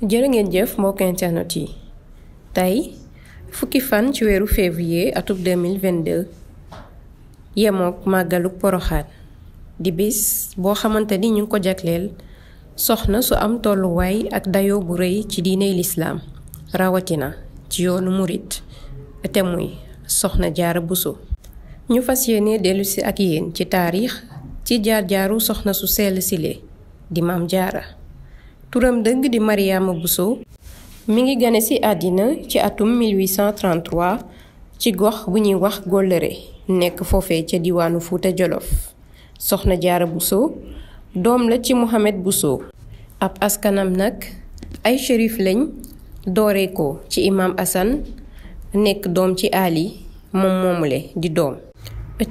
jërë ngeen jëf mbokk internet yi tey fukki fan ci weeru février atub 2022 yemook màggaluk poroxaan di bis boo xamante ni ñu ngi ko jagleel soxna su am tolluwaay ak dayo bu rëy ci diiney lislaam rawatina ci yoonu murit te muy soxna jaara buso ñu fas yéene dellusi ak yéen ci taarix ci jaar jaaru soxna su sell sile di maam jaara turam dëgg di Mariama Bousso mi ngi gane ci àddina ci atum 1833 ci gox bu ñuy wax Golléré nekk foofe ca diwaanu Fuuta Jolof soxna Jaara Bousso doom la ci Mohamed Bousso ab askanam nag ay shérif lañ dooree ci imaam assan nekk doom ci Ali moom moomule di doom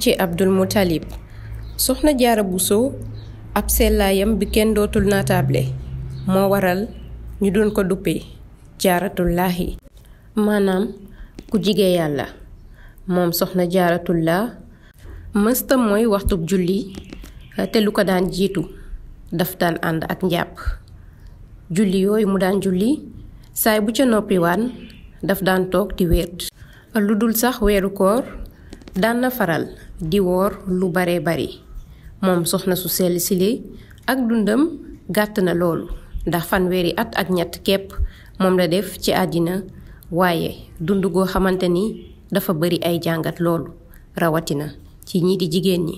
ci Abdul Muttalib soxna Jaara Bousso ab sellaayam bi kenn dootul naataable moo waral ñu doon ko duppee jaaratullaahi maanaam ku jige yàlla moom soxna jaaratullaa mësta mooy waxtu julli te lu ko daan jiitu daf daan ànd ak njàpp julli yooyu mu daan julli saay bu ca noppiwaan daf daan toog di wéet lu dul sax weeru koor daan na faral di woor lu bare bari moom soxna su sell sile ak dundam gàtt na loolu ndax fanweeri at ak ñett kepp moom la def ci àddina waaye dund goo xamante ni dafa bari ay jàngat loolu rawatina ci ñii di jigéen ñi.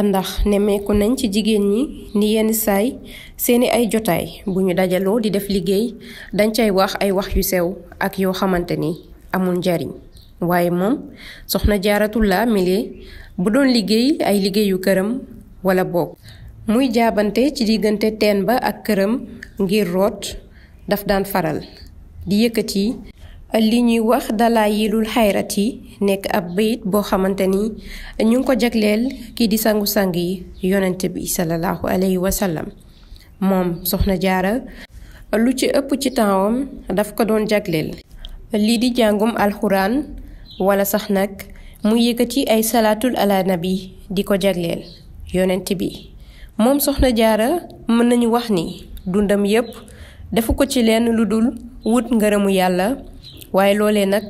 ndax nemmeeku nañ ci jigéen ñi ni yenn saay seeni ay jotaay bu ñu dajaloo di def liggéey dañ cay wax ay wax yu sew ak yoo xamante ni amul njariñ waaye moom soxna jaaratul la mile bu doon liggéey ay liggéeyu këram walla boog. muy jaabante ci diggante teen ba ak këram ngir root daf daan faral di yëkkati li ñuy wax dalaayilul xayrat yi nekk ab bayit boo xamante ni ñu ngi ko jagleel kii di sangu-sang yi yonent bi sallallahu wa sallam moom soxna jaara lu ci ëpp ci tempsam daf ko doon jagleel lii di jàngum alxuraan wala sax nag mu yëkkati ay salaatul ala bi di ko jagleel yonent bi moom soxna jaara mën nañu wax ni dundam yépp defu ko ci lenn lu dul wut ngërëmu yàlla waaye loolee nag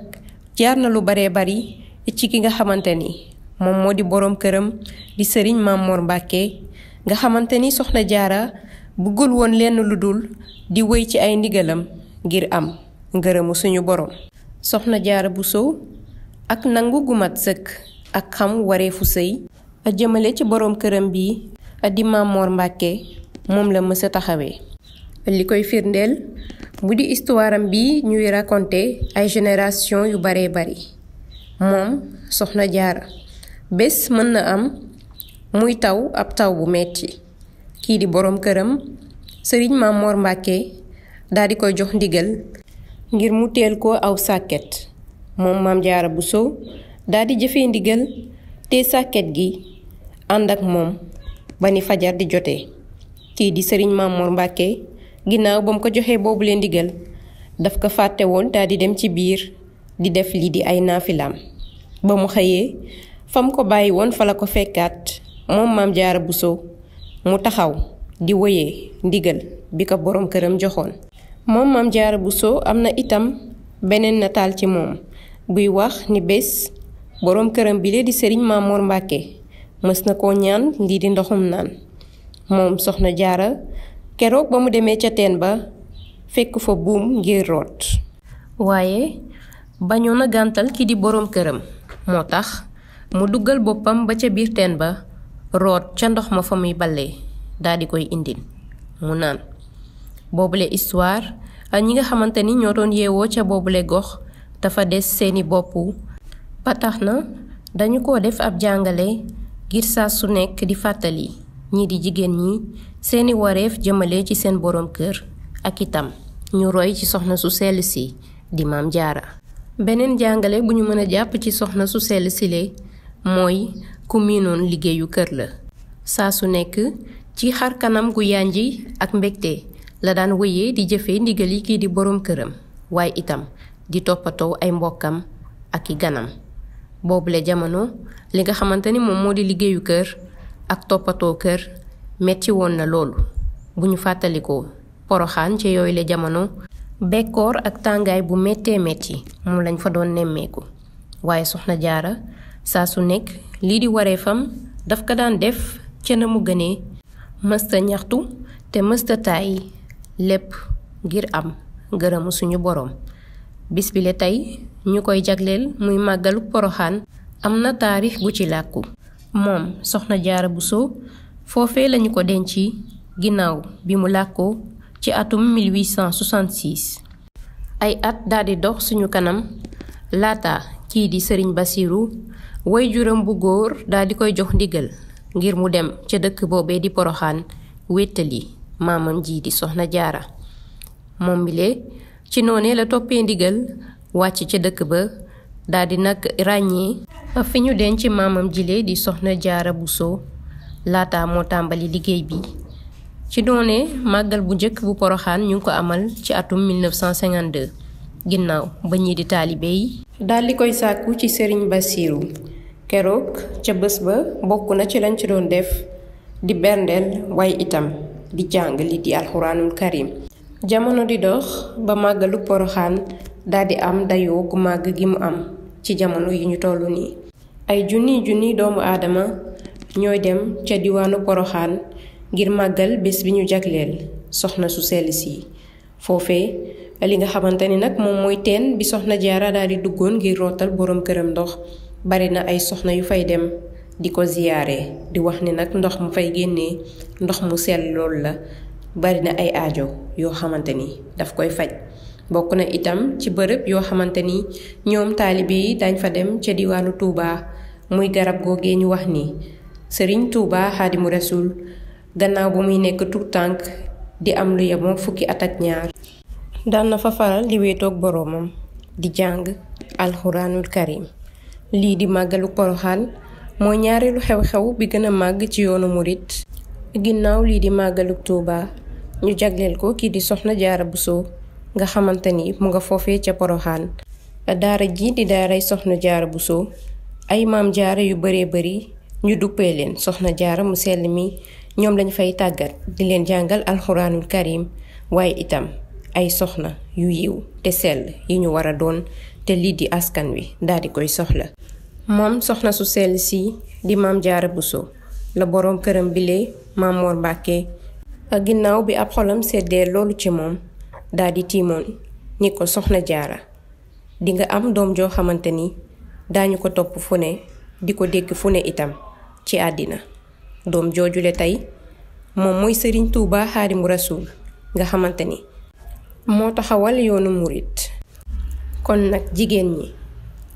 jaar na lu baree bari ci ki nga xamante ni moom moo di boroom këram di sëriñ Mamor Mbàkke nga xamante ni soxna jaara bu bëggul woon lenn lu dul di wéy ci ay ndigalam ngir am ngërëmu suñu boroom soxna jaara bu sow ak nangu gu mat sëkk ak xam wareefu sëy a jëmale ci boroom këram bi di Maam Mbàkke moom la mës a taxawee li koy firndeel bu di histoire am bi ñuy raconté ay génération yu baree bari moom soxna jaara bés mën na am muy taw ab taw bu metti kii di boroom këram sëriñ Maam Mor Mbàkke daal koy jox ndigal ngir mu teel ko aw sàkket moom maam jaara bu sow daal di ndigal te sàkket gi ànd ak moom ba ni fajar di jotee kii di sëriñ Mamour mbàkke ginnaaw ba mu ko joxee boobu leen ndigal daf ko fàtte woon daal di dem ci biir di def lii di ay naafilaam ba mu xëyee fam ko bàyyi woon fa la ko fekkaat moom maam jaara Bousso mu taxaw di woyee ndigal bi ko boroom këram joxoon moom maam jaara Bousso am na itam beneen nataal ci moom buy wax ni bés boroom këram bi lee di sëriñ Mamour mbàkke mës na koo ñaan lii di ndoxum naan moom soxna jaara keroog ba mu demee ca teen ba fekk fa buum ngir root waaye bañoon a gàntal ki di boroom këram moo tax mu duggal boppam ba ca biir teen ba root ca ndox ma fa muy ballee daal di koy indi mu naan boobule histoire ñi nga xamante ni ñoo doon yewoo ca boobule gox dafa des seeni boppu ba tax na dañu ko def ab jàngale ngir saa su nekk di fàttali ñii di jigéen ñi seeni woreef jëmale ci seen boroom kër ak itam ñu roy ci soxna su sell si di jaara beneen jàngale bu ñu mën a jàpp ci soxna su sell sile mooy ku miinoon liggéeyu kër la saa su nekk ci xar kanam gu yànji ak mbegte la daan wéyee di jëfee ndigal yi kii di boroom këram waaye itam di toppatoo ay mbokkam ak i ganam boobule jamono li nga xamante ni moom moo di liggéeyu kër ak toppatoo kër metti woon na loolu bu ñu fàttalikoo poroxaan ci yooyule jamono bekkoor ak tàngaay bu méttee métti moom lañ fa doon nemmeeku waaye soxna jaara saa su nekk lii di waree fam daf ko daan def ca na mu mësta ñaxtu te mësta taay lépp ngir am gërëmu suñu boroom bis bi tey ñu koy jagleel muy màggalu poroxaan am na taarix bu ci làkku moom soxna jaara bu buso foofee lañu ko denc ginnaaw bi mu làkkoo ci atum 1866 ay at daldi dox suñu kanam laata kii di sëriñ basiiru woy juram bu góor daldi koy jox ndigal ngir mu dem ca dëkk boobee di poroxaan wéttali maamam jii di soxna jaara moom bile ci noonee la toppee ndigal wàcc ca dëkk ba daldi di nag ràññee fi ñu denc maamam jile di soxna jaara Buso laata moo tàmbali liggéey bi ci doone màggal bu njëkk bu poroxaan ñu ngi ko amal ci atum 1952 ginnaaw ba ñii di taalibe yi daal di koy sàkku ci sëriñ Basiiru keroog ca bés ba bokk na ci lañ ci doon def di berndeel waaye itam di jàng li di alxuraanul karim jamono di dox ba màggalu poroxaan daal am dayoo gu màgg gi mu am ci jamono yi ñu toll nii. ay junni junni doomu aadama ñooy dem ca diwaanu poroxaan ngir màggal bés bi ñu jagleel soxna su sell si foofee li nga xamante ni nag moom mooy teen bi soxna jaara daal duggoon ngir rootal boroom këram ndox bari na ay soxna yu fay dem di ko ziyaare di wax ni nag ndox mu fay génnee ndox mu sell loolu la bari na ay ajo yoo xamante ni daf koy faj. bokk na itam ci bërëb yoo xamante ni ñoom taalibe yi dañ fa dem ca diwaanu Touba muy garab googee ñu wax ni sëriñ Touba xaadimu rasul gannaaw ba muy nekk tout tànk di am lu yemoo fukki at ak ñaar. daan na fa faral di wéetoog boroomam di jàng alxuraanul karim lii di màggalu poroxaan mooy ñaareelu xew-xew bi gën a màgg ci yoonu murit ginnaaw lii di màggalu Touba ñu jagleel ko kii di soxna jaara Buso nga xamante ni mu nga foofee ca Poroxaan daara ji di daaray soxna jaara Buso ay maam jaara yu baree bari ñu duppee leen soxna jaara mu sell mi ñoom lañ fay tàggat di leen jàngal alxuraanul karim waaye itam ay soxna yu yiw te sell yi ñu war a doon te lii di askan wi daal koy soxla moom soxna su sell si di maam jaara Buso la boroom këram bile Maam Mor Mbàkke ginnaaw bi ab xolam seddee loolu ci moom daal di tiimoon ni ko soxna jaara dinga am doom joo xamante ni daañu ko topp fu ne di ko dégg fu ne itam ci àddina doom joojule tey moom mooy sëriñ tuuba xaadimu rasuul nga xamante ni moo taxawal yoonu murit kon nag jigéen ñi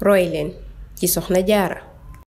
roy leen ci soxna jaara